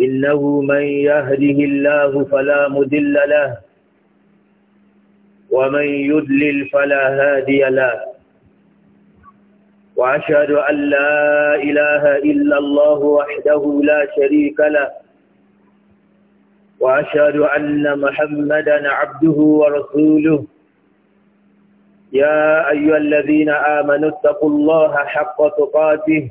إنه من يهده الله فلا مدل له ومن يدلل فلا هادي له وأشهد أن لا إله إلا الله وحده لا شريك له وأشهد أن محمدا عبده ورسوله يا أيها الذين آمنوا اتقوا الله حق تقاته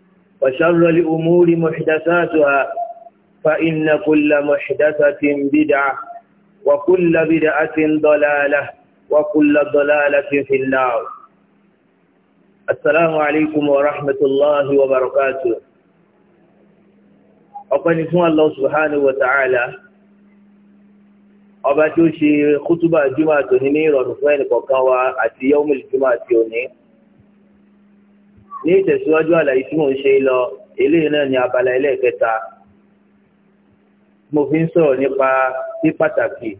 وشر الأمور محدثاتها فإن كل محدثة بدعة وكل بدعة ضلالة وكل ضلالة في النار السلام عليكم ورحمة الله وبركاته ọpẹ́ ni fún Allah subhanahu wa ta'ala ọba tí ó ṣe kútúbà jùmọ̀ àtòní ní ìrọ̀rùn fún ẹnìkọ̀ọ̀kan wa àti yọ́mùlì jùmọ̀ àti òní ní ìtẹ̀síwájú àlàyé tí mò ń ṣe lọ eléyìí náà ni abala ẹlẹ́ẹ̀kẹta mo fi ń sọ̀rọ̀ nípa sí pàtàkì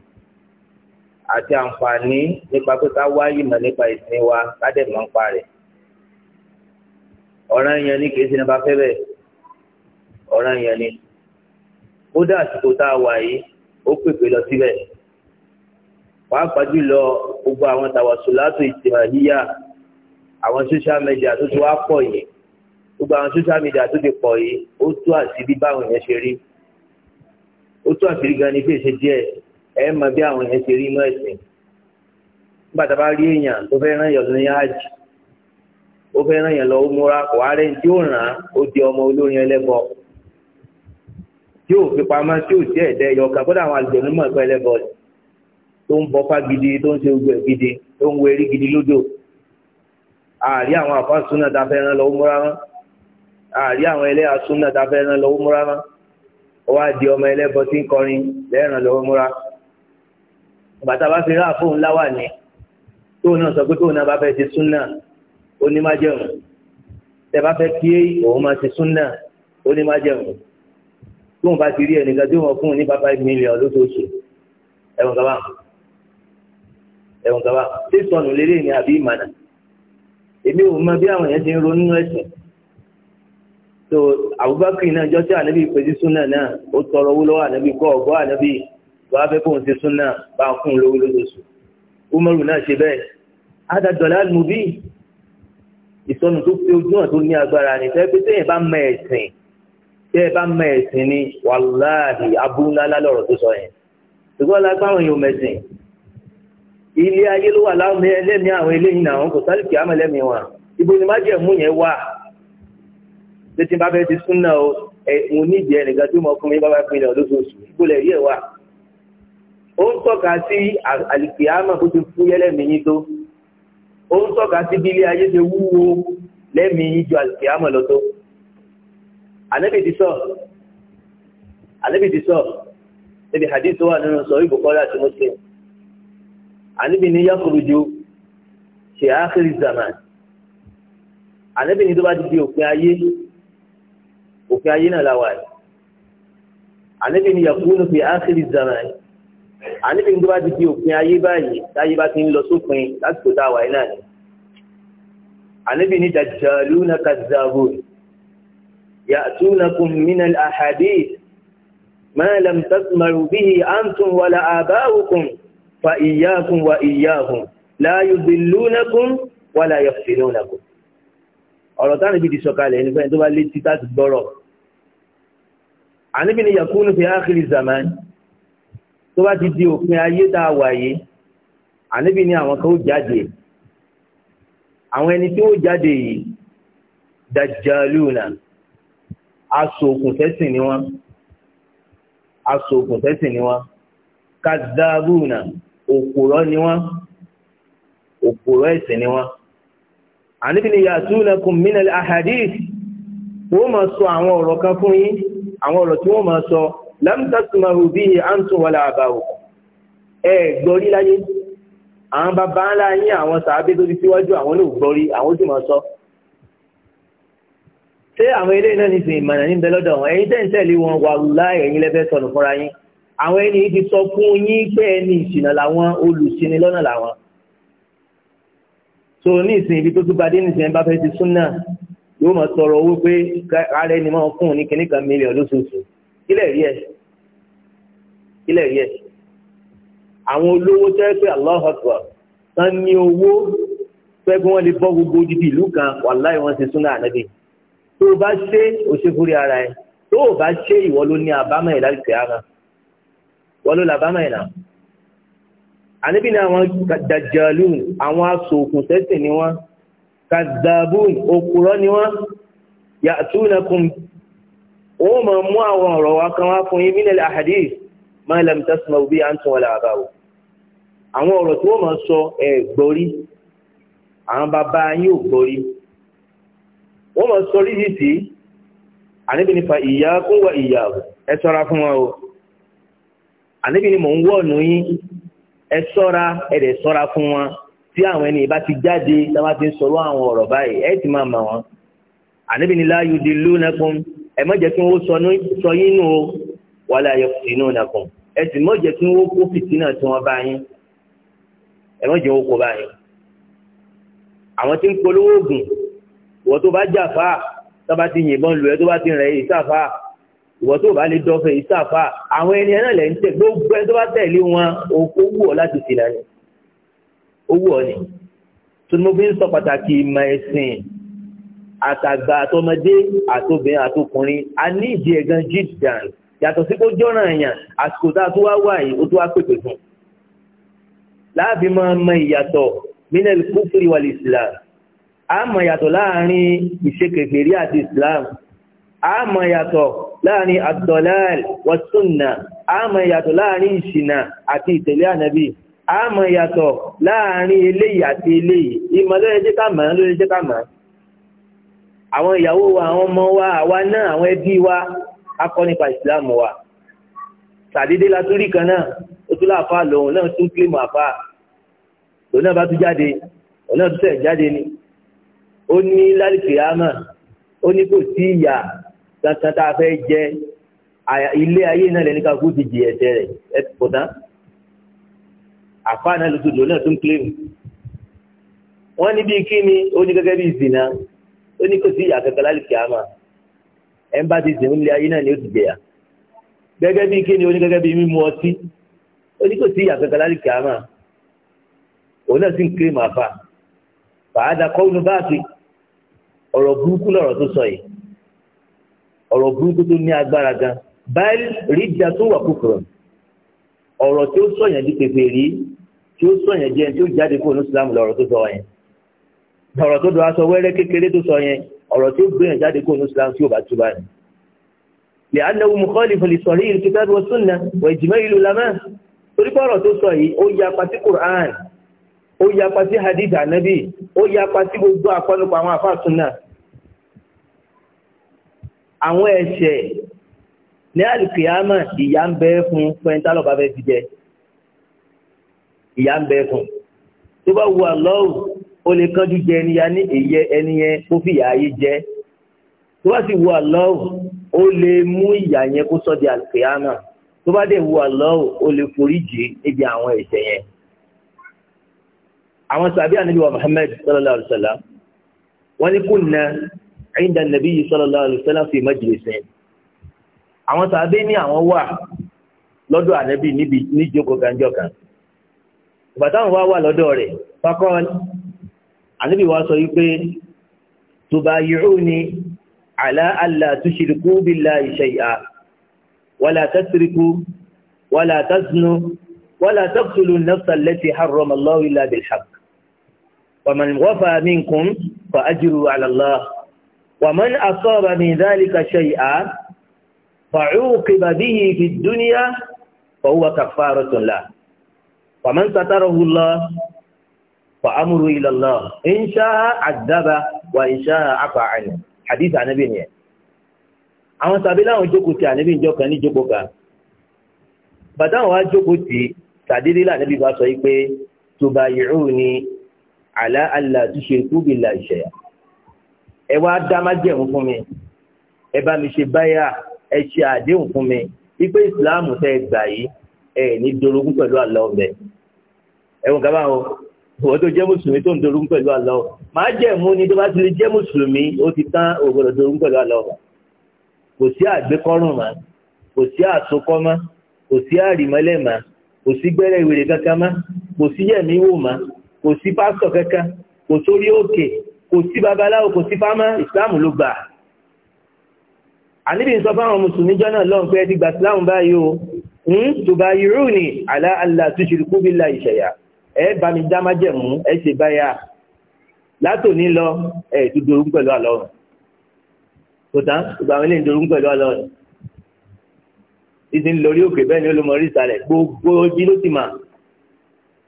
àti àǹfààní nípa pé ká wá ìmọ̀ nípa ìsìn wa ká dẹ̀ mọ̀ ń pa rẹ̀ ọ̀ràn yẹn ni kì í ṣe nípa fẹ́ bẹ́ẹ̀ ọ̀ràn yẹn ni kódà àsìkò tá a wà yìí ó pèpè lọ síbẹ̀ wàá pàjù lọ gbogbo àwọn tàwàsùn látò ìtìmọ̀ yíyá àwọn social media tó ti wá pọ̀ yìí gbogbo àwọn social media tó ti pọ̀ yìí ó tó àṣírí báwọn yẹn ṣe rí ó tó àṣírí gan ni fi ṣe díẹ̀ ẹ mọ̀ bí àwọn yẹn ṣe rí inú ẹ̀sìn nígbà tá a bá rí èèyàn tó fẹ́ ràn yàn ní hajj ó fẹ́ ràn yàn lọ ó múra kò á rẹ̀ tí ó ràn án ó di ọmọ olórin ẹlẹ́bọ tí ò fi pamọ́ tí ò tiẹ̀ dẹ́ yọ ká kódà àwọn àlùjẹ̀nu mọ̀ ẹ̀kọ́ ẹlẹ́bọ tó ń bọ́ fá gidi tó ń ṣe gbẹ̀ gidi tó ń wọ eré gidi lódò àárí àwọn àfa súnà dáfẹ́ rán lọ́wọ́ múra rán àárí àwọn ẹlẹ́yà súnà dáfẹ́ rán lọ́wọ́ múra rán ọwọ́ àdì ọmọ ẹlẹ́bọ tí ń kọrin lẹ́ràn lọ́wọ́ múra bàtà bá fi ráà fóun láwà ní tóun náà sọ pé tóun náà bá fẹ́ ti súnà ó tẹ bá fẹ́ kí òun máa ti súnà ó tóun bá ti rí ẹnìkan tí wọ́n fún un ní bàbá mílíọ̀n lóṣooṣù ẹ̀wọ̀n kaba ẹ̀wọ̀n kaba sísọnù lélẹ́yìn àbí ìmànà èmi ò mọ bí àwọn èèyàn ti ń ronú ẹ̀sìn so Abubakar náà jọ sí ànábì pèsè súnà náà ó tọrọ owó lọ́wọ́ ànábì kọ́ ọ̀gọ́ ànábì wàá fẹ́ fóun ṣe súnà bá a fún un lówó lóṣooṣù Umaru náà ṣe bẹ́ẹ̀ adadọ̀lá mubi ìsọnù tó fi ojú hàn tó ní agbára ni fẹ́ pé tẹ́yẹ̀ bá mọ ẹ̀sìn tẹ́yẹ̀ bá mọ ẹ̀sìn ni wàláhì abúlá lálọ́rọ̀ tó sọ yẹn ṣùgbọ́n lágbára yóò mẹ̀sìn ilé ayé ló wà láwọn ẹlẹ́mí àwọn eléyìí náà kò sáré kí á mọ̀ lẹ́mí wọn ibo ni májẹ̀mú yẹn wà létí bá fẹ́ ti súnà o ẹ mo nídìí ẹnìkan tí mo fún mi bábá pinnu lóṣooṣù ibo lẹ̀ yẹ̀ wà ó ń tọ́ka sí àlìkìyámà kó ti fún yẹ́lẹ́mí yín tó ó ń tọ́ka sí bí ilé ayé ṣe wúwo lẹ́mí yín ju àlìkìyámà lọ tó ànábì sọ ànábì sọ níbi hadith wà nínú sọ ibùkọ́lá àti Muslim ànábì ní yakurujo ṣe ákìrì zaman ànábì ní tó bá ti di òpin ayé òpin ayé náà la wà ní ànábì ní yakunu fi ákìrì zaman ànábì ní tó bá òpin ayé báyìí táyé bá ti ń lọ sópin lásìkò tá a wà yìí náà ni ànábì ní dajjaluna kazzabun ya'tunakum minal ahadith ma lam tasma'u bihi antum wala aba'ukum fa iyyakum wa iyyahum la yudillunakum wa la yaftinunakum ọ̀rọ̀ táwọn ibi ti sọ̀kalẹ̀ nípa ẹni tó bá lé títà ti gbọ́rọ̀ àníbi ni yakunu fi áàkiri zaman tó bá ti di òpin ayé tá a wà àníbi ni àwọn kan ó jáde àwọn ẹni tí ó jáde yìí dajjaluna asòògùn fẹ́sìn ni wọ́n asòògùn fẹ́sìn ni wọ́n kadhabuna òpòrọ́ ni wọ́n òpòrọ́ ẹ̀sìn ni wọ́n àníbi ni ya'tunakum minal ahadith wọ́n máa sọ àwọn ọ̀rọ̀ kan fún yín àwọn ọ̀rọ̀ tí wọ́n máa sọ ni tasma'u bihi antum wala aba'ukum ẹ gbọ́rí láyé àwọn bàbá ńlá yín àwọn sàábé tó ti síwájú àwọn ló gbọ́rí àwọn sì máa sọ ṣé àwọn eléyìí náà ní ìmọ̀nà níbẹ̀ lọ́dọ̀ wọn ẹ̀yin tẹ̀ wọn wàhùn láì ẹ̀yin lẹ́fẹ̀ẹ́ sọnù fúnra yín àwọn ẹni tí sọ fún yín pé ẹni ìṣìnà làwọn olùṣìnì lọ́nà làwọn so ní ìsìn ibi tó tún bá dé ní ìsìn bá fẹ́ ti súnà yóò máa sọ̀rọ̀ owó pé ara ẹni máa fún un ní kíní kan mílíọ̀nù lóṣooṣù kílẹ̀ rí ẹ̀ kílẹ̀ rí ẹ̀ àwọn olówó tẹ́ pé Allahu Akbar tán ní owó pé kí wọ́n lè bọ́ gbogbo odidi ìlú kan wàláì wọ́n ti súnà ànábì tó o bá ṣe òṣèfúri ara ẹ̀ tó o bá ṣe ìwọ ló ní àbámọ̀ ìlàlùkẹ́ wọ́n ló làbá mẹ́rin náà àníbí ni àwọn dàjàlùn àwọn asòòkùn sẹ́sìn ni wọ́n kàdàbùn òkúrọ́ ni wọ́n yàtúnakùn wọ́n máa mú àwọn ọ̀rọ̀ wa kan wá fún yín mílẹ̀ àhàdí máa lẹ́m tẹ́sán òbí à ń tún ọ̀là àbá o àwọn ọ̀rọ̀ tí wọ́n máa sọ ẹ̀ gbọ́rí àwọn bàbá yín ò gbọ́rí wọ́n ìyá kún fún wa o ànábì ni mò ń wọ̀nù yín ẹ sọ́ra ẹ dẹ̀ sọ́ra fún wọn tí àwọn ẹni ìbá ti jáde táwọn ti ń sọ̀rọ̀ àwọn ọ̀rọ̀ báyìí ẹ ti máa mọ̀ wọn ànábì ni láàyò di lónàkùn ẹ má jẹ́ kí wọ́n sọ yín nù o wàhálà ayọ̀ fìtínú nàkùn ẹ sì má jẹ́ kí wọ́n kó fìtínà tí wọ́n bá yín ẹ má jẹ́ wọ́n kó bá àwọn tí ń polówó oògùn wọ́n tó bá jà fáà tó bá ti yìnbọn lù ẹ́ tó bá ti rẹ̀ yìí sáfáà ìwọ tó bá lè dọ́fẹ̀ ìsáfà àwọn ẹni náà lẹ́ ń tẹ̀ gbogbo ẹni tó bá tẹ̀lé wọn ó wù ọ́ láti fi lẹ́nu ó wù ni tùmọ̀bí ń sọ pàtàkì ìmọ̀ ẹ̀sìn àtàgbà àtọmọdé àtobìnrin àtọkùnrin a ní ìdí ẹ̀gán jíjàn yàtọ̀ sí kó jọ́ràn èèyàn àsìkò tá a tó wá wà yìí ó tó wá pèpè fún láàbí máa mọ ìyàtọ̀ minel kúfìrí wàlì islam a mọ ìyàtọ̀ láàrin ìṣe islam àmọ́ yàtọ̀ láàrin ad-dalal wa sunnah àmọ́ yàtọ̀ láàrin ìṣìnà àti ìtẹ̀lé ànábì àmọ́ yàtọ̀ láàrin eléyìí àti eléyìí ìmọ̀ ló lè jẹ́ ká mọ̀ ló lè jẹ́ ká mọ̀ àwọn ìyàwó wa àwọn ọmọ wa àwa náà àwọn ẹbí wa a kọ́ nípa ìsìláàmù wa sàdédé la tún rí kan náà ó ó ní kò sí ìyà kankan tá a fẹ́ jẹ ilé ayé náà lẹ́ni ká kú ti jì ẹ̀sẹ̀ rẹ̀ ẹ̀ kò tán àfa náà lóṣooṣù náà tún kílèmù wọ́n ní bíi kí ó ní gẹ́gẹ́ bíi zina ó ní kò sí ìyá kankan lálùkì àmà ẹ̀ ń bá ti sìn ilé ayé náà ni ó ti jẹ̀yà gẹ́gẹ́ bíi kí ni ó ní gẹ́gẹ́ bíi mímu ọtí ó ní kò sí ìyá kankan lálùkì àmà òun náà sì ń kílèmù àfa fàádà kọ́ọ̀nù báàkì ọ̀rọ̀ burúkú lọ̀rọ̀ tó sọ yìí ọ̀rọ̀ burúkú tó ní agbára gan báyìí rí ìjà tó wà kúkúrọ̀ ọ̀rọ̀ tí ó sọ̀yàn di pèpè rí tí ó sọ̀yàn jẹ́ tí ó jáde kúrò ní Islam lọ̀rọ̀ tó sọ yẹn ọ̀rọ̀ tó dọ̀ aṣọ wẹ́rẹ́ kékeré tó sọ yẹn ọ̀rọ̀ tí ó gbéyàn jáde kúrò ní Islam tí ó bá tú bá ní. لأنه مخالف لصحيح الكتاب والسنة وإجماع العلماء torí pọ̀rọ̀ tó sọ yìí ó yapa sí Qur'an ó yapa sí hadith Ànábì ó yapa àwọn ẹ̀ṣẹ̀ ní àlùkìyámà ìyà ń bẹ fún pẹ́ńtálọ̀ bá fẹ́ fi jẹ ìyà ń bẹ fún tó bá wu àlọ́wù ó lè kánjú jẹ ẹniyà ní èyẹ ẹniyẹn kó fi ìyà ayé jẹ tó bá sì wu àlọ́wù ó lè mú ìyà yẹn kó sọ di àlùkìyámà tó bá dẹ̀ wu àlọ́wù ó lè forí jì níbi àwọn ẹ̀ṣẹ̀ yẹn àwọn sàbí ànábì wa Muhammad sallallahu alayhi wa sallam wọ́n ní kùnà inda nabi sallallahu alaihi wasallam fi majlisin àwọn sàbẹ ní àwọn wà lọ́dọ̀ ànábì níbi níjókòó kanjọ kan ìgbà táwọn wá wà lọ́dọ̀ rẹ̀ fakọ ànábì wa sọ wípé tubayi'uni ala alla tushriku billahi shay'a wala tasriku wala taznu wala taqtulu an-nafsa allati harrama Allahu illa bil haqq fa ajru ala ومن أصاب من ذلك شيئا فعوقب به في الدنيا فهو كفارة له ومن ستره الله فأمره إلى الله إن شاء عذبه وإن شاء عفى عنه حديث عن ابن يعني àwọn tàbí láwọn jókòó ti ànábì ìjọ kan ní jókòó kan bàtà àwọn ajókòó ti tàdédé lànàbì bá sọ yìí pé tubayiruni ala alla tushriku billahi shay'a ẹ wá dá májẹ̀mú fún mi ẹ bá mi ṣe báyà ẹ ṣe àdéhùn fún mi wípé ìsìláàmù tẹ́ ẹ gbà yìí ẹ ní dorogún pẹ̀lú àlọ́ ọ̀bẹ ẹ̀wọ̀n kábàá o ìwọ́n tó jẹ́ mùsùlùmí tó ń dorogún pẹ̀lú àlọ́ májẹ̀mú ni tó bá ti lè jẹ́ mùsùlùmí ó ti tán ògbọ́dọ̀ dorogún pẹ̀lú àlọ́ ọ̀bẹ kò sí àgbékọ́rùn mọ́ kò sí àsokọ́ mọ́ kò sí àrìmọ́lẹ̀ mọ́ kò sí gbẹ́rẹ́ ìwèrè kankan mọ́ kò sí yẹ̀mí wò mọ́ kò sí pásítọ̀ kankan kò sórí òkè kò sí babaláwo kò sí fámá ìsìláàmù ló gbà àníbi sọ fáwọn mùsùlùmí jọ́nà lọ́n pé ẹdí gbà síláàmù báyìí o ń tùbà irú ni àlá àlá tushriku billahi shay'a ẹ bá mi dá má jẹ̀mú ẹ ṣe báyà látòní lọ ẹ dúdú orúkọ pẹ̀lú àlọ́run kò tán ìgbà wọn lè dúdú orúkọ pẹ̀lú àlọ́run ìdí ń lórí òkè bẹ́ẹ̀ ni ó ìsàlẹ̀ gbogbo ojú ló ti mà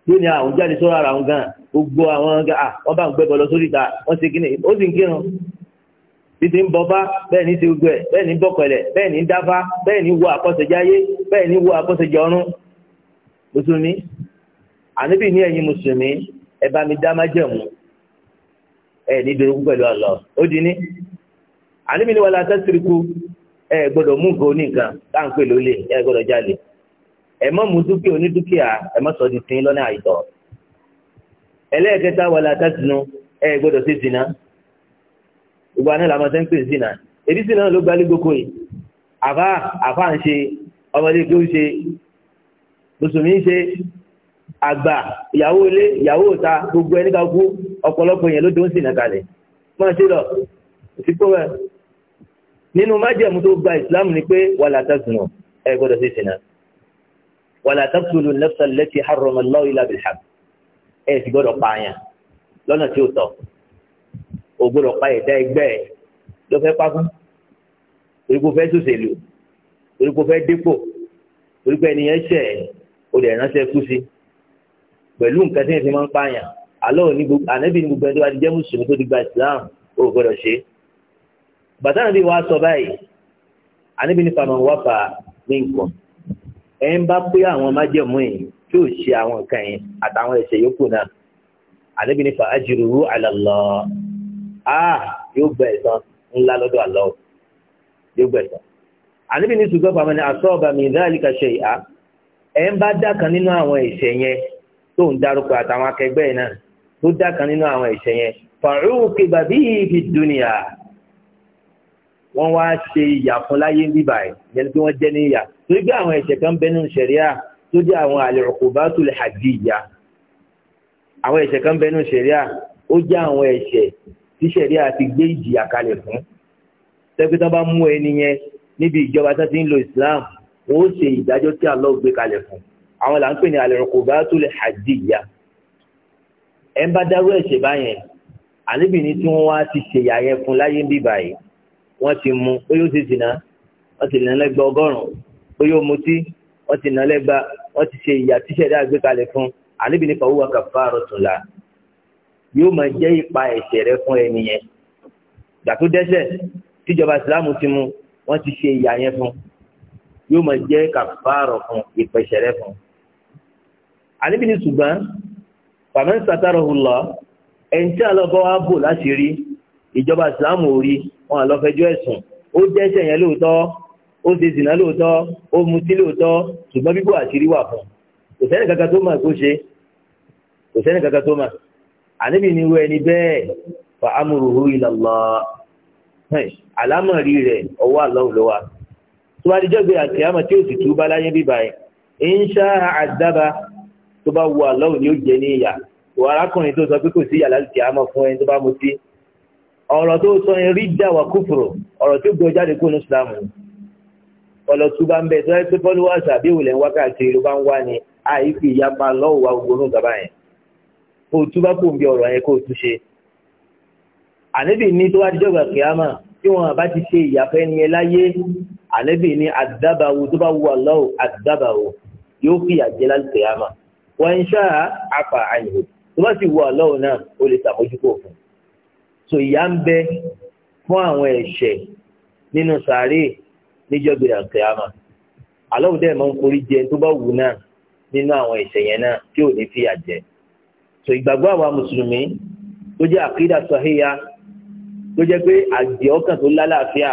yóò ní àwọn ah, jáde sọ́rọ̀ ara àwọn gan gbogbo àwọn gan ah, à wọ́n bá ń gbẹ́bọ̀ lọ sórí ìta wọ́n ṣe kíni ó sì ń kírun títí ń bọ́fá bẹ́ẹ̀ ní ti gbogbo ẹ̀ bẹ́ẹ̀ ní bọ́kọ̀lẹ̀ bẹ́ẹ̀ ní dáfá bẹ́ẹ̀ ni wo àkọsẹ̀jáyé bẹ́ẹ̀ ní wo àkọsẹ̀jọ̀run mùsùlùmí àníbì ní ẹ̀yin mùsùlùmí ẹ bá mi dá májẹ̀mú ẹ ní dorogún pẹ̀lú Allah ó di ní àníbì ní wàlá tẹ́síríkù ẹ gbọ́dọ̀ mú nǹkan oníkan táǹpẹ̀ lólè ẹ gbọ́dọ̀ jalè ẹ má mú dúkìá onídúkìá ẹ má sọ di sin lọ́nà àìtọ́ ẹlẹ́ẹ̀kẹta wàlá tásínú ẹ gbọ́dọ̀ sí zina gbogbo àná làwọn ṣe ń pè zina èdè zina ló gbálé gboko yìí àfa àfa ń ṣe ọmọdé kí ó ń ṣe mùsùlùmí ń ṣe àgbà ìyàwó ilé ìyàwó ìta gbogbo ẹni ká kú ọ̀pọ̀lọpọ̀ yẹn ló dó ń sìn náà kalẹ̀ máa ṣe lọ òsìkò rẹ nínú májẹ̀mú tó gba ìsìlámù ni pé wàlá tásínú ẹ gbọ́dọ̀ sí zina wàlá taqtulu an-nafsa allati harrama Allahu illa bil-haqq ẹ̀ sì gbọ́dọ̀ pa àyàn lọ́nà tí ó tọ́ ò gbọ́dọ̀ pa ẹ̀dá ẹgbẹ́ ẹ̀ ló fẹ́ pa fún torí kò fẹ́ ṣòṣèlú torí kò fẹ́ dépò torí pé ẹnìyẹn ṣẹ̀ ó lè ránṣẹ́ kú sí pẹ̀lú nǹkan tí ẹ̀ fi máa ń pààyàn àlọ́ òní gbogbo ànábì ní gbogbo ẹni tó bá ti jẹ́ mùsùlùmí tó ti gba Islam ó gbọ́dọ̀ ṣe bàtà náà bí wàá sọ báyìí ànábì ní fàmà wàfà ní nǹkan ẹ ń bá pé àwọn májẹ̀mú yìí tí ò ṣe àwọn nǹkan yìí àtàwọn ẹ̀ṣẹ̀ yòókù náà ànábì ní fa ajruhu ala Allah á yóò gba ẹ̀san ńlá lọ́dọ̀ Allah yóò gba ẹ̀san ànábì ní ṣùgbọ́n faman asaba min dhalika shay'an ẹ ń bá dákan nínú àwọn ẹ̀ṣẹ̀ yẹn tó ń darúkọ àtàwọn akẹgbẹ́ náà tó dákan nínú àwọn ẹ̀ṣẹ̀ yẹn fa'uqiba bihi fid dunya wọ́n wá ṣe ìyà fún láyé bíbà ẹ̀ yẹn tí wọ́n jẹ́ ní ìyà torí pé àwọn ẹ̀ṣẹ̀ kan bẹ́nu ṣẹ̀ríà tó jẹ́ àwọn al-uqubatul hadiyya àwọn ẹ̀ṣẹ̀ kan bẹ́nu ṣẹ̀ríà ó jẹ́ àwọn ẹ̀ṣẹ̀ tí ṣẹ̀ríà ti gbé ìjìyà kalẹ̀ fún tẹ́gbẹ́ tán bá mú ẹni yẹn níbi ìjọba tó ti ń lo Islam wọ́n ó ṣe ìdájọ́ tí Allah gbé kalẹ̀ fún àwọn là ń pè ní al-uqubatul wọ́n ti mu ó yóò ti dìnnà wọ́n ti nà lẹ́gbẹ̀ẹ́ ọgọ́rùn-ún ó yóò mutí wọ́n ti nà lẹ́gba wọ́n ti ṣe ìyà tíṣẹ̀dá àgbékalẹ̀ fún àníbi nípa owó kafaratun la yóò máa jẹ́ ipa ẹ̀ṣẹ̀ rẹ fún ẹni yẹn gbà tó dẹ́ṣẹ̀ tíjọba ìsìlámù ti mu wọ́n ti ṣe ìyà yẹn fún yóò máa jẹ́ kàfàrọ̀ fún ìpẹ̀ṣẹ̀ rẹ fún. àníbi ní ṣùgbọ́n faman satarahu Allah ẹ̀ǹtí àlọ́bọ̀ wa bò láṣìírí ìjọba ìsìlámù ò rí wọn àlọ́ fẹjọ́ ẹ̀sùn ó dẹ́ṣẹ̀ yẹn lóòótọ́ ó ṣe zìnà lóòótọ́ ó mutí lóòótọ́ ṣùgbọ́n bíbò àṣírí wà fún kò sẹ́ni kankan tó mà kó ṣe kò sẹ́ni kankan tó mà àníbi ni irú ẹni bẹ́ẹ̀ fa amúruhu ilallah àlámọ̀rí rẹ̀ ọwọ́ àlọ́ tó bá dijọ́ gbé àkìyàmọ̀ tí ó sì tú bá láyé bíbá yẹn ń àdábà tó bá wù àlọ́ òní ó jẹ ní wọ arákùnrin tó sọ pé kò sí ìyà láti fún ẹni tó bá mutí ọ̀rọ̀ tó sọ yẹn rí dà wà kúfùrù ọ̀rọ̀ tó gbé jáde kó ní sùlámù ọ̀lọ́ tó bá ń bẹ tó yẹ pé fọ́lú wà sàbí ìwòlẹ̀ ń wákàtí ló bá ń wá ní àìfi ìyapa lọ́wọ́ wa gbogbo ní ìjọba yẹn kó o túbá kó o ń bí ọ̀rọ̀ yẹn kó o tún ṣe. ànábì ní tó wá di dọ́gba kìámà tí wọn bá ti ṣe ìyàfẹ́ ni ẹ láyé ànábì ní àdábàwò tó bá wù wà lọ́wọ́ àdábàwò yóò fi àjẹ láti kìámà wọ́n ń ṣáà àfà so ìyà ń bẹ fún àwọn ẹ̀ṣẹ̀ nínú sàárè níjọ́ gbèrè àkèámà aláwọ̀ dẹ́ máa ń forí jẹ tó bá wù náà nínú àwọn ẹ̀ṣẹ̀ yẹn náà tí ò ní fìyà jẹ so ìgbàgbọ́ àwa mùsùlùmí tó jẹ́ àkídà sọ̀híya tó jẹ́ pé àgbẹ̀ ọkàn tó lálàáfíà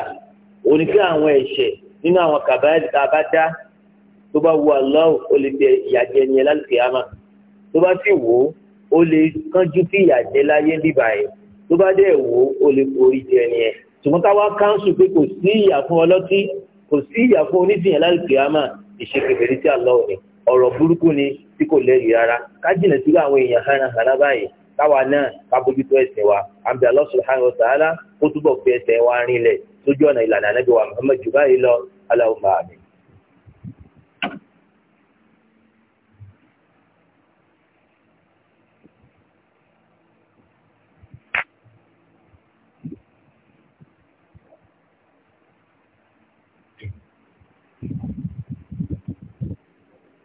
òun ni pé àwọn ẹ̀ṣẹ̀ nínú àwọn kàbáyé tá a bá dá tó bá wù aláwọ̀ ó lè jẹ ìyàjẹ ni ẹ lálùkìyàmà tó bá sì wò ó ó lè kánjú kí ìyàjẹ láyé bíbáyìí tó bá dẹ̀ wò ó o lè forí jẹ ni ẹ̀ ṣùgbọ́n káwá káńsù pé kò sí ìyà fún ọlọ́tí kò sí ìyà fún onífìyàn láìpẹ́ àmà ìṣèkèbèrè tí àlọ́ òní ọ̀rọ̀ burúkú ni tí kò lẹ́rìí rárá ká jìnà sí àwọn èèyàn hánahànà báyìí káwa náà ká bójútó ẹ̀sìn wa àbí Allah subhanahu wa ta'ala túbọ̀ fi ẹsẹ̀ wa rinlẹ̀ sójú ọ̀nà ìlànà ànábì wa Muhammad jù báyìí lọ Allahumma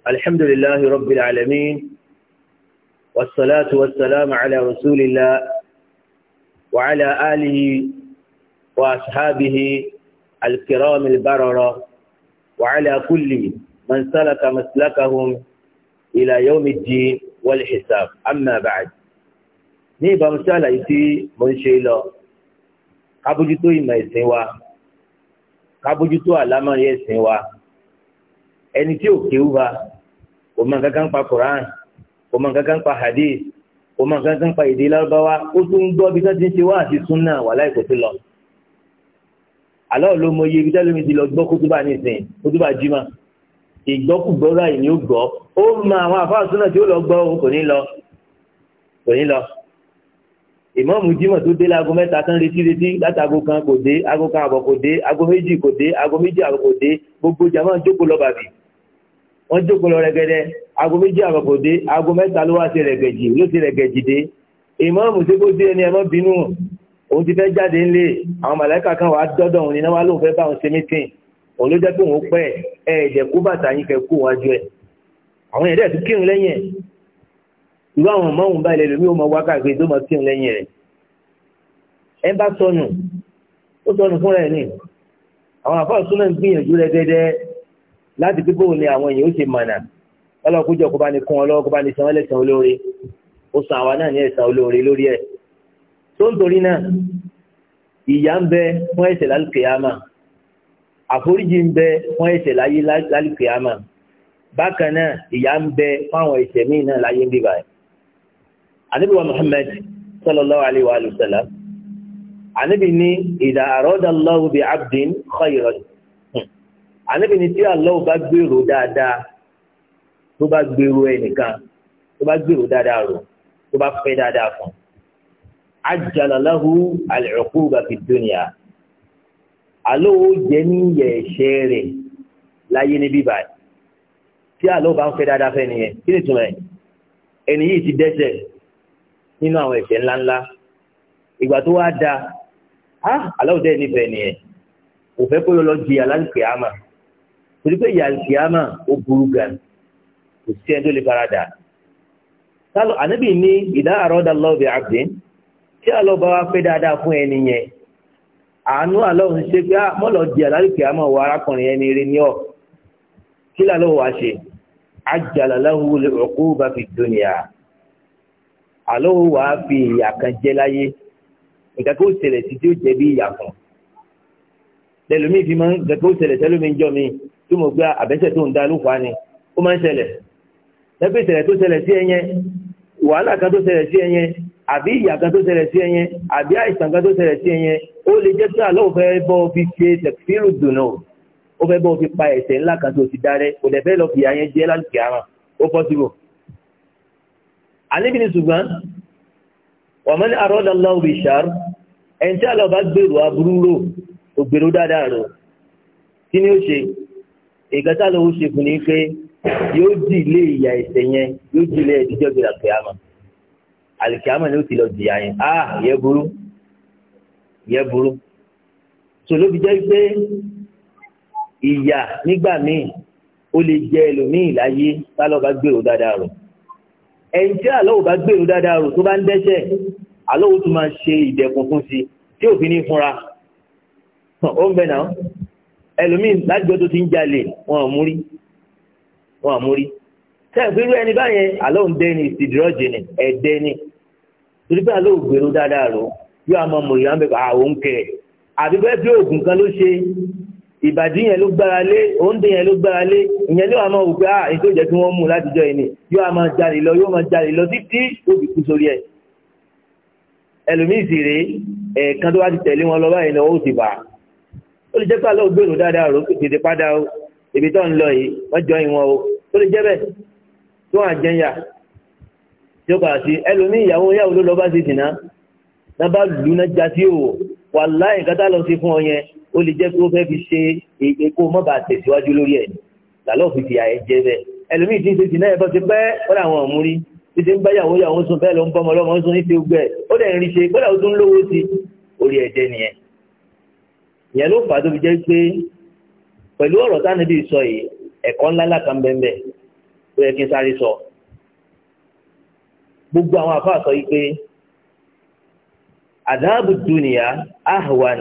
الحمد لله رب العالمين والصلاة والسلام على رسول الله وعلى آله وأصحابه الكرام البررة وعلى كل من سلك مسلكهم إلى يوم الدين والحساب أما بعد ní ìbámu sí àlàyé tí mo ń ṣe lọ kábójútó ìmọ̀ ẹ̀sìn wa kábójútó àlámọ̀rí ẹ̀sìn wa ẹni tí ò kéwú wa kò mọ nǹkan kan pa Quran kò mọ nǹkan kan pa hadith kò mọ nǹkan kan pa èdè lárúbáwá ó tún ń gbọ́ bí wọ́n ti ń ṣe wá àti súnà wà láì kò sí lọ. àlọ́ ló mọ iye ibi tẹ́lẹ̀ mi ti lọ gbọ́ kótóbà nísìnyí kótóbà jimá ìgbọ́kùgbọ́ báyìí ni ó gbọ́ ó mọ àwọn àfáà súnà tí ó lọ gbọ́ òun kò ní lọ kò ní lọ ìmọ̀ọ́mù jímọ̀ tó dé láago mẹ́ta tán retí retí látàgo kan kò dé aago kan àbọ̀ kò dé aago méjì kò dé aago méjì àbọ̀ kò dé gbogbo jàmọ́ jókòó lọ bàbí wọ́n jókòó lọ rẹ̀gẹ̀dẹ̀ aago méjì àbàkò dé aago mẹ́ta ló wá sí rẹ̀gẹ̀jì ló sí rẹ̀gẹ̀jì dé ìmọ̀ọ́mù tí kò sí ẹni ẹ bínú òun ti fẹ́ jáde ńlé àwọn màlàíkà kan wàá dọ́dọ̀ òun ni náà wá lóun fẹ́ bá òun ṣe mítìn òun ló jẹ́ pé òun pẹ́ ẹ ẹ̀jẹ̀ kú bàtà yín kẹ́ kú wájú ẹ̀ àwọn ẹ̀dẹ̀ tó kírun lẹ́yìn ẹ̀ irú kírun lẹ́yìn ẹ̀ ní àwọn àfáà súnà ń gbìyànjú láti pé bóun ni àwọn èèyàn ó ṣe mọ̀nà ọlọ́kùnjọ kó bá ní kún ọlọ́wọ́ kó bá ní san ẹlẹ́sàn olóore ó san àwa náà ní ẹ̀sàn olóore lórí ẹ̀ tó ń torí náà ìyà ń bẹ fún ẹ̀ṣẹ̀ lálùkìyàmà àforíjì ń bẹ fún ẹ̀ṣẹ̀ láyé lálùkìyàmà bákan náà ìyà ń bẹ fún àwọn ẹ̀ṣẹ̀ míì náà láyé ń bíbá ẹ̀ ànábì wa sallallahu alayhi wa sallam ànábì ní ìdá àrọ́dà Allahu bi abdin khayran ànábì ni tí Allah bá gbèrò dáadáa tó bá gbèrò ẹnìkan tó bá gbèrò dáadáa rò tó bá fẹ́ dáadáa fún ajjala lahu al-uquba fi dunya Allah ó jẹ́ níyẹ̀ ẹ̀ṣẹ̀ rẹ̀ láyé níbí báyìí tí Allah bá ń fẹ́ dáadáa fẹ́ nìyẹn kí ni túmọ̀ ẹ̀ ẹni yìí ti dẹ́ṣẹ̀ nínú àwọn ẹ̀ṣẹ̀ ńláńlá ìgbà tó wá da á Allah dẹ́ nífẹ̀ẹ́ nìyẹn òfẹ́ kó lọ jìyà láti pè á torí pé ìyà ìkìyàmà ó burú gan kò sí ẹni tó lè fara dà sálọ ànábì ní ìdá àrọ́dà lọ́ọ̀bì àbdé tí àlọ́ba wa fẹ́ dáadáa fún ẹni yẹn àánú àlọ́hùn ṣe pé ah, mọ́lọ̀ di àlálùkìyàmà wọ arákùnrin ẹni rí ní ọ̀ kí lálọ́ wàá ṣe ajalalahu lẹ́ọ̀kúba fi dunya àlọ́ wàá fi ìyà kan jẹ láyé nǹkan kó ṣẹlẹ̀ sí tí ó jẹ bí ìyà kan lẹ́lòmíì fi máa ń nǹkan kó sẹ́lómi ń mi tí mo gbé àbẹ́sẹ̀ tó ń da ló fà á ni ó máa ń ṣẹlẹ̀ lẹ́gbẹ́ ìṣẹ̀lẹ̀ tó ṣẹlẹ̀ sí ẹyẹn wàhálà kan tó ṣẹlẹ̀ sí ẹyẹn àbí ìyà kan tó ṣẹlẹ̀ sí ẹyẹn àbí àìsàn kan tó ṣẹlẹ̀ sí ẹyẹn ó lè jẹ́ pé àlọ́ òfẹ́ bọ́ fi ṣe tẹ̀síìrù dùnà ó fẹ́ bọ́ fi pa ẹ̀ṣẹ̀ ńlá kan tó ti darẹ́ kò dẹ̀ fẹ́ lọ fìyà yẹn jẹ́ lálùkì àrùn ó pọ́sibò. àníbi ni ṣùgbọ́n wàmọ́ ní arọ́dà ìkẹta ló ń ṣe fún ni pé yóò dì ilé ìyà ẹ̀ṣẹ̀ yẹn yóò dì ilé ìdíjọ́ gbé àkèámà àlìkèámà ni ó ti lọ jìyà yẹn a ah, yẹ burú yẹ burú sọlọ́ fi jẹ́ pé ìyà nígbà míì ó lè jẹ ẹlòmíì láyé tálọ́ bá gbèrò dáadáa rò ẹni tí àlọ́wò bá gbèrò dáadáa rò tó bá ń dẹ́ṣẹ̀ àlọ́wò tó máa ṣe ìdẹ̀kùn fún sí tí òfin ní fúnra ó ń bẹ náà ẹlòmíì lájọ tó ti ń jalè wọn ò múrí wọn ò múrí sẹ́yìn pé irú ẹni báyẹn àlọ́ ń dẹ́ni ìsìdírọ́jì ni ẹ̀dẹ́ ni torí pé àlọ́ ògbèrú dáadáa rò yóò àmọ́ mòrìyá ń bẹ̀ bá àwọn òǹkẹ́ àbí bẹ́ẹ̀ bí oògùn kan ló ṣe ìbàdí yẹn ló gbára lé òǹdè yẹn ló gbára lé ìyẹn ló wà máa wò ah, ètò ìjẹ́ kí wọ́n mú látijọ́ yìí ni yóò á jalè lọ yóò máa jalè lọ títí òbí kú sórí ẹ̀ ẹlòmíì sì rèé ẹ̀ẹ̀kan tó bá ti tẹ̀lé wọn lọ báyìí ni ó ti bà ó lè jẹ́ pé aláwọ̀ gbèrò dáadáa rò tètè padà o èmi tó ń lọ yìí wọ́n jọ ìwọ̀n o ó lè jẹ́ bẹ́ẹ̀ tó wà jẹ́ yà tí ó padà sí ẹlòmíì ìyàwó yàwó ló lọ bá ṣe sìnà náà bá lù náà já sí òwò wàláì kátà lọ sí fún ọ yẹn ó lè jẹ́ pé ó fẹ́ fi ṣe èké kó mọ́ bàa tẹ̀síwájú lórí ẹ̀ làlọ́ fi fìyà ẹ̀ jẹ́ bẹ́ẹ̀ ẹlòmíì ti ń ṣe sìnà ẹ̀fọ́ ti pẹ́ kọ́dà àwọn ọ̀múrí ti ti ń bá yàwó yàwó sùn bẹ́ẹ̀ ló ń bọ́mọ lọ́mọ sùn ní ti gbẹ ó dẹ̀ ń rí ṣe kọ́dà ó tún lówó sí orí ẹ̀jẹ̀ nìyẹn ìyẹn ló fà á tó fi jẹ́ pé pẹ̀lú ọ̀rọ̀ tánibí sọ yìí ẹ̀kọ́ ńlá ńlá kan bẹ́ẹ̀ bẹ́ẹ̀ ó yẹ kí n sáré sọ gbogbo àwọn àfáà sọ yìí pé àdáàbù dúnìyà ahwan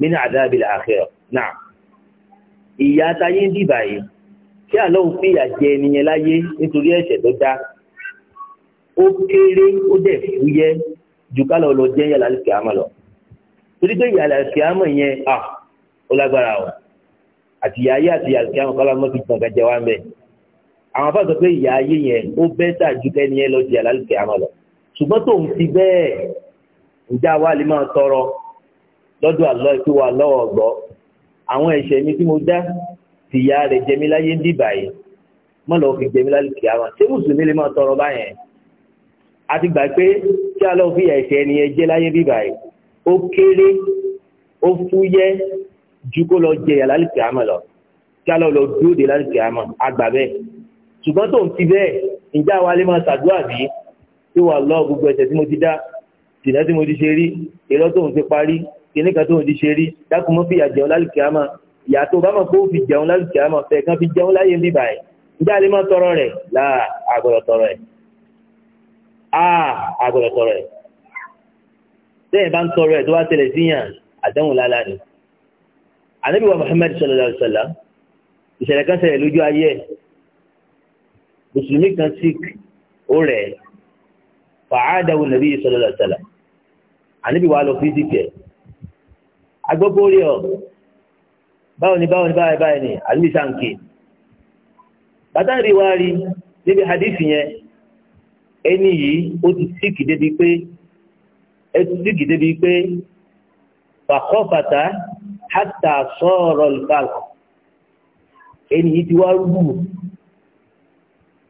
min àdáàbì àkhírà náà ìyà táyé ń dìbà yìí kí àlọ́ òfin ìyà jẹ ènìyàn láyé nítorí ẹ̀ṣẹ̀ tó dá ó kéré ó dẹ̀ fúyẹ́ jù ká lọ lọ jẹ́ yàrá lálẹ́ kìámà lọ torí pé ìyàlẹ̀ àkíyàmọ̀ yẹn à ó lágbára o àti ìyá ayé àti àkíyàmọ̀ kọ́lá mọ́ ti tàn ká jẹ wá ń bẹ̀. àwọn afá sọ pé ìyá ayé yẹn ó bẹ́ tàjú kẹ́ni yẹn lọ di àlàkíyàmọ̀ lọ ṣùgbọ́n tó ń ti bẹ́ẹ̀ ǹjẹ́ àwa lè máa tọrọ lọ́dọ̀ àlọ́ ìpè wa lọ́wọ́ gbọ́ àwọn ẹ̀ṣẹ̀ mi tí mo dá tìyá rẹ̀ jẹmí láyé ń dìbà mọ́ ó kéré ó fúyẹ́ ju kó lọ jẹ yà lálùkì àmọ́ lọ kí a lọ lọ dúró de lálùkì àmọ́ àgbà bẹ́ẹ̀ ṣùgbọ́n tó ń ti bẹ́ẹ̀ ǹjẹ́ àwa lè máa ṣàdúrà bí tí wà lọ gbogbo ẹ̀ṣẹ̀ tí mo ti dá ṣìnà tí mo ti ṣe rí èrò tó ń ti parí kìnnìkan tó ń ti ṣe rí dákun mọ́ fìyà jẹun lálùkì àmọ́ ìyà bá mọ̀ pé fi jẹun lálùkì àmọ́ fẹ́ kan fi jẹun láyé ń bíbà yìí ǹjẹ́ máa tọrọ rẹ̀ láà àgọ̀rọ̀ tọrọ rẹ̀ tẹ́yìn bá ń tọrọ ẹ̀ tó wá tẹ̀lẹ̀ síyàn àdéhùn lálá ni. ànábì wa muhammad sallallahu alayhi wa sallam ìṣẹ̀lẹ̀ kan ṣẹlẹ̀ lójú ayé mùsùlùmí kan sikh ó rẹ̀ fàádáwò nàbí sallallahu alayhi wa sallam ànábì wa lọ fíìsìkì ẹ̀ agbọ́gbó rí ọ báwo ni báwo ni báyìí báyìí ni àdúgbò sànkì bàtà rí wa rí níbi hadith yẹn ẹni yìí ó ti sikh débi pé. etudi gidi bi pe fakɔfata hata sɔrɔ lukalɔ eniyan ti wa rubu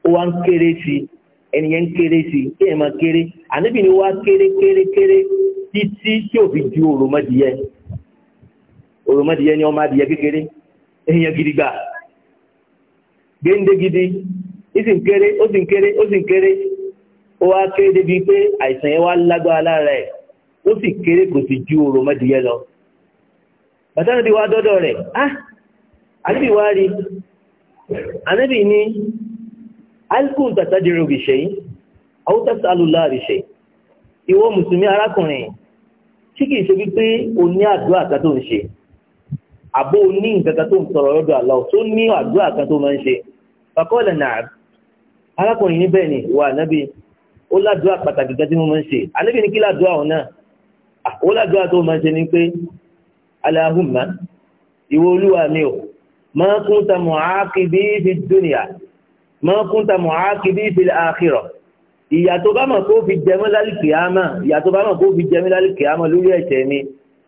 wa kere si eniyan kere si eniyan ma kere anabi ni wa kere kere kere titi ti o fi di oromadiyɛ oromadiyɛ ni ɔma diyɛ kekere eniyan gidigba gende gidi isin kere osin kere osin nkere Osi ó wá kéré débi pé àìsàn yẹn wá lágbára lára ẹ̀ ó sì kéré kò sì ju òrò mọ́dìyẹ lọ bàtà níbi wá dọ́dọ̀ rẹ̀ ah àníbi wá rí àníbi ní alkun tàtà dèrò bìṣẹ́ yìí àwùjọ sàlùlá bìṣẹ́ ìwọ mùsùlùmí arákùnrin tí kìí ṣe wípé o ní àdúrà kan tó ń ṣe àbó o ní nǹkan kan tó ń sọ̀rọ̀ lọ́dọ̀ àlọ́ tó ní àdúrà kan tó máa ń ṣe fàkọ́ọ̀lẹ̀ náà arákùnrin níbẹ̀ ni wà nábì ó ládùúà pàtàkì kan tí mo máa ń ṣe àníbi ní kí ládùúà ọ̀nà ó ládùúà tó máa ń ṣe ni pé aláhùnmá ìwọ olúwa mi ò máa kún ta mọ̀ ákìbí fi dúnìyà máa kún ta mọ̀ ákìbí fi àkìrọ̀ ìyà tó bá mọ̀ kó fi jẹ mí lálìkì àmà ìyà tó bá mọ̀ kó fi jẹ mí lálìkì àmà lórí ẹ̀ṣẹ̀ mi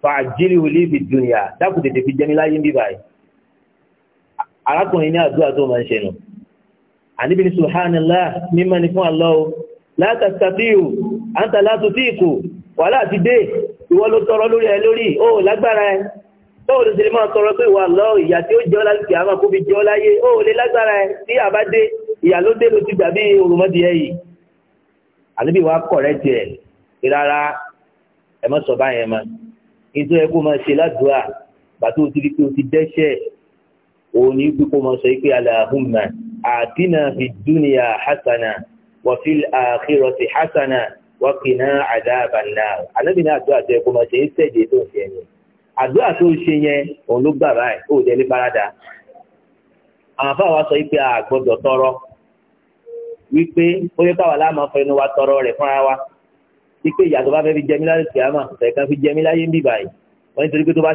fàájìlì wòlé fi dúnìyà dákù tètè fi jẹ mí láyé ń bíbáyìí arákùnrin ní àdúrà tó máa ń ṣe nù àníbi ní subhanallah mímọ́ ni fún Allah látàtàbíù àǹtà látùtíìkù wà láti dé ìwọ ló tọrọ lórí ẹ lórí ó lágbára ẹ tó òdò sílé máa tọrọ pé wà lọ ìyà tí ó jẹ́ ọ́ láti àmà kó fi jẹ́ ọ́ láyé ó lè lágbára ẹ tí àbá dé ìyà ló dé ló ti gbà bí òrùmọ́dì ẹ yìí àníbí wa kọ̀ rẹ tiẹ̀ rárá ẹ mọ́ sọ báyẹn ma nítorí ẹ kó máa ṣe ládùúà bàtú o ti rí pé o ti dẹ́ṣẹ̀ òun ní pípọ́ máa sọ pé Allahumma àtínà fi dúnìyà hasana wa fil akhirati hasana wa qina adhaban nar ànábì ní àdúrà tó yẹ kó máa ṣe é sẹ́jẹ̀ tó ń ṣe ẹ̀yẹ àdúrà tó ń ṣe yẹn òun ló gbà báyìí kó o jẹ́ ní parada àwọn afáwa sọ wípé a gbọ́dọ̀ tọrọ wípé ó yẹ káwa láàmú afẹnú wa tọrọ rẹ̀ fúnra wa wípé ìyàtọ̀ bá fẹ́ fi jẹ mí láyé kìámà ẹ̀kan fi jẹ mí láyé ń báyìí wọ́n nítorí pé tó bá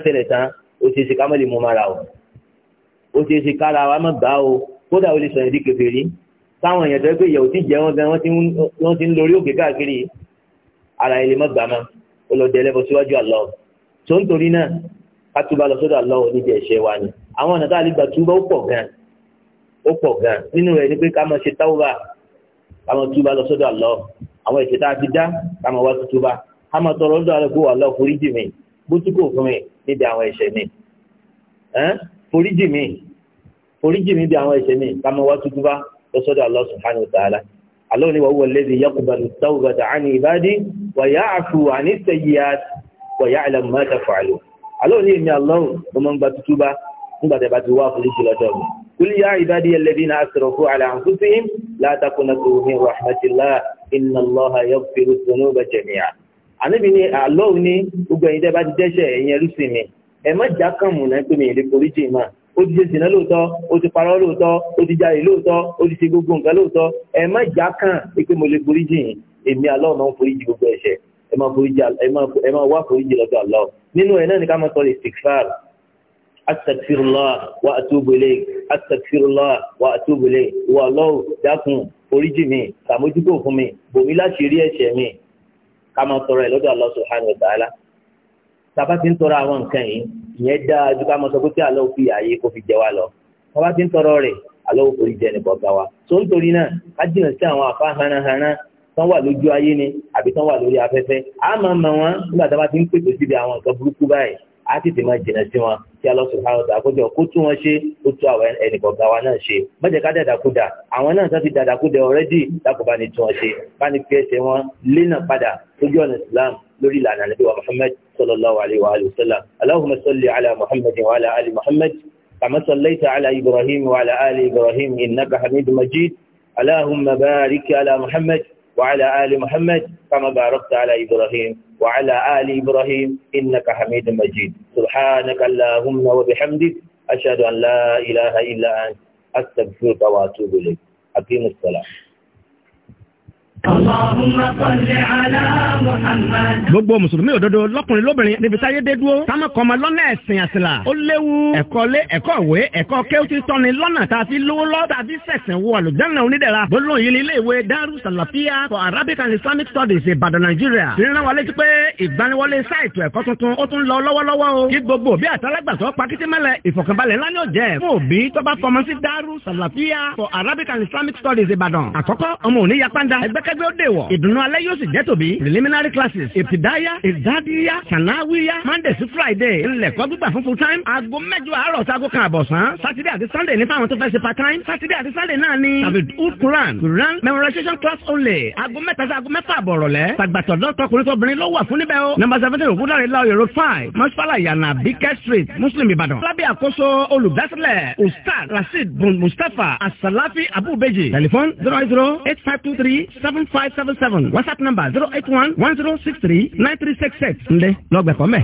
táwọn èèyàn tó ń pè yẹ̀ òtí jẹ́ wọn gan wọ́n ti ń lórí òkè káàkiri ara ilé mọ́gbàmá ó lọ dé ẹlẹ́bọ síwájú Allah tó ń torí náà ká túbà lọ sọ́dọ̀ Allah níbi ẹ̀ṣẹ̀ wa ni àwọn ọ̀nà tá a lè gbà túbà ó pọ̀ gan ó pọ̀ gan nínú rẹ̀ ni pé ká máa ṣe táwọ́bà ká máa túbà lọ sọ́dọ̀ Allah àwọn ìṣẹ̀tà àti dá ká máa wá túbà ká máa tọrọ lọ́dọ̀ Allah kó Allah foríjì mi bótú kò fún mi níbi àwọn ẹ̀ṣẹ̀ mi foríjì mi foríjì mi bí àwọn ẹ̀ṣẹ̀ mi ká máa wá túbà lọ sọ́dọ̀ Allah subhanahu wa ta'ala Allah ni wa huwa alladhi yaqbalu at-tawbata 'an ibadihi wa ya'fu 'ani as-sayyi'ati wa ya'lamu ma taf'alun Allah ni èmi Allah mo máa ń gba tútú bá nígbà tí a ti wá àforíjì lọ́dọ̀ mi. قل يا عبادي الذين أسرفوا على أنفسهم لا تقنطوا من رحمة الله إن الله يغفر الذنوب جميعا Ànábì ní Allah ni gbogbo ẹ̀yin tẹ́ bá ti dẹ́ṣẹ̀ ẹ̀yin ẹrú sí mi ẹ má jákàmù náà pé mi ìlé foríjì máa ó ti ṣe sìnà lóòótọ́ ó ti parọ́ lóòótọ́ ó ti jalè lóòótọ́ ó ti ṣe gbogbo nǹkan lóòótọ́ ẹ má já kàn pé mo lè forí jìn èmi Allah máa ń forí jì gbogbo ẹ̀ṣẹ̀ ẹ máa forí jì ẹ máa wá forí jì lọ́dọ̀ Allah nínú ẹ̀ náà ni ká máa sọ istighfar astagfirullah wa atubu ilayk wa atubu ilayk ìwà dákun forí jì mi ṣàmójúkò fún mi bòmí láṣìírí ẹ̀ṣẹ̀ mi ká máa sọ̀rọ̀ tàbá ti ń tọrọ àwọn nǹkan yìí ìyẹn dáa ju ká mọ sọ pé kí àlọ́ fi àyè kó fi jẹ wá lọ tàbá ti ń tọrọ rẹ̀ àlọ́ òfòrí jẹ nìkan gbà wá tó ń torí náà ká jìnnà sí àwọn àfa hanahana tán wà lójú ayé ni àbí tán wà lórí afẹ́fẹ́ a máa mọ wọn nígbà tàbá ti ń pètò síbi àwọn nǹkan burúkú báyìí a ti tì máa jìnnà sí wọn kí a lọ sùn ká ọ̀tà àkójọ kó tún wọn ṣe ó tún àwọn ẹnìkan gbà wá náà ṣe mọ̀jẹ̀ ká dàdàkúdà àwọn náà sáfi dàdàkúdà ọ̀rẹ́dì dákùbá ni tún wọn ṣe bá ní fi ẹsẹ̀ wọn lé náà padà lójú ọ̀nà Islam نريد على النبي محمد صلى الله عليه وآله وسلم اللهم صل على محمد وعلى آل محمد كما صليت على إبراهيم وعلى آل إبراهيم إنك حميد مجيد اللهم بارك على محمد وعلى آل محمد كما باركت على إبراهيم وعلى آل إبراهيم إنك حميد مجيد سبحانك اللهم وبحمدك أشهد أن لا إله إلا أنت أستغفرك وأتوب إليك أقيم الصلاة gbogbo mùsùlùmí òdodo lọkùnrin lóbìnrin níbi táyé dé dúró táwọn kan máa lọ́nà ẹ̀sìn àṣìlá ó léwu ẹ̀kọ́ lé ẹ̀kọ́ ìwé ẹ̀kọ́ kéwùtì tọ́ni lọ́nà tàbí lówó lọ́ tàbí sẹ̀sìn wo àlùjáná onídẹ̀ra gbólóhùn yìí ní ilé ìwé Daru Salafia for Arabic and Islamic Studies Ìbàdàn Nàìjíríà ìrìnà wọlé ti pé ìgbaniwọlé sáìtù ẹ̀kọ́ tuntun ó tún lọ lọ́wọ́lọ́wọ́ o kí gbogbo bí àtàlágbàsọ pakitimẹ́lẹ̀ ìfọ̀kànbalẹ̀ ńlá ni ó jẹ́ fún òbí tó bá fọmọ sí Daru Salafia for Arabic and Islamic Studies Ìbàdàn àkọ́kọ́ ọmọ òní yapanda ẹgbẹ́k kẹgbẹ́ ó dè wọ̀. ìdùnnú alẹ́ yóò sì jẹ́ tòbí. preliminary classes ìtìdáyà ìdádíyà sànáwíyà monday sí friday ńlẹ̀kọ́ gbígbà fún full time. aago mẹ́jọ àárọ̀ sago kan àbọ̀sán. saturday àti sunday ní fáwọn tó fẹ́ ṣe part time. saturday àti sunday náà ni. david ud quran memorization class only. aago mẹ́ta sí aago mẹ́fà àbọ̀rọ̀ lẹ̀. sàgbàtọ̀dọ̀ tọkùnrin tóbìnrin ló wà fún níbẹ̀ o. number seventeen ògúnláre láòyè road five mọ́ṣúfàlà yànnà bíkẹ́ street muslim ìbàdàn. lábẹ́ àkóso olùdásílẹ̀ ustaz rasheed bun mustapha asalafi abubeji. tẹlifon zero eight zero eight five two three seven. Five seven seven whatsapp number zero zero eight one one six three three nine six. 1063 9366 ǹdẹ́ lọ́gbẹ̀kọ́ mẹ́.